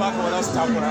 baka ba za su takura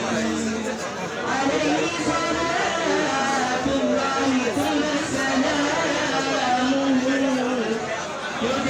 you.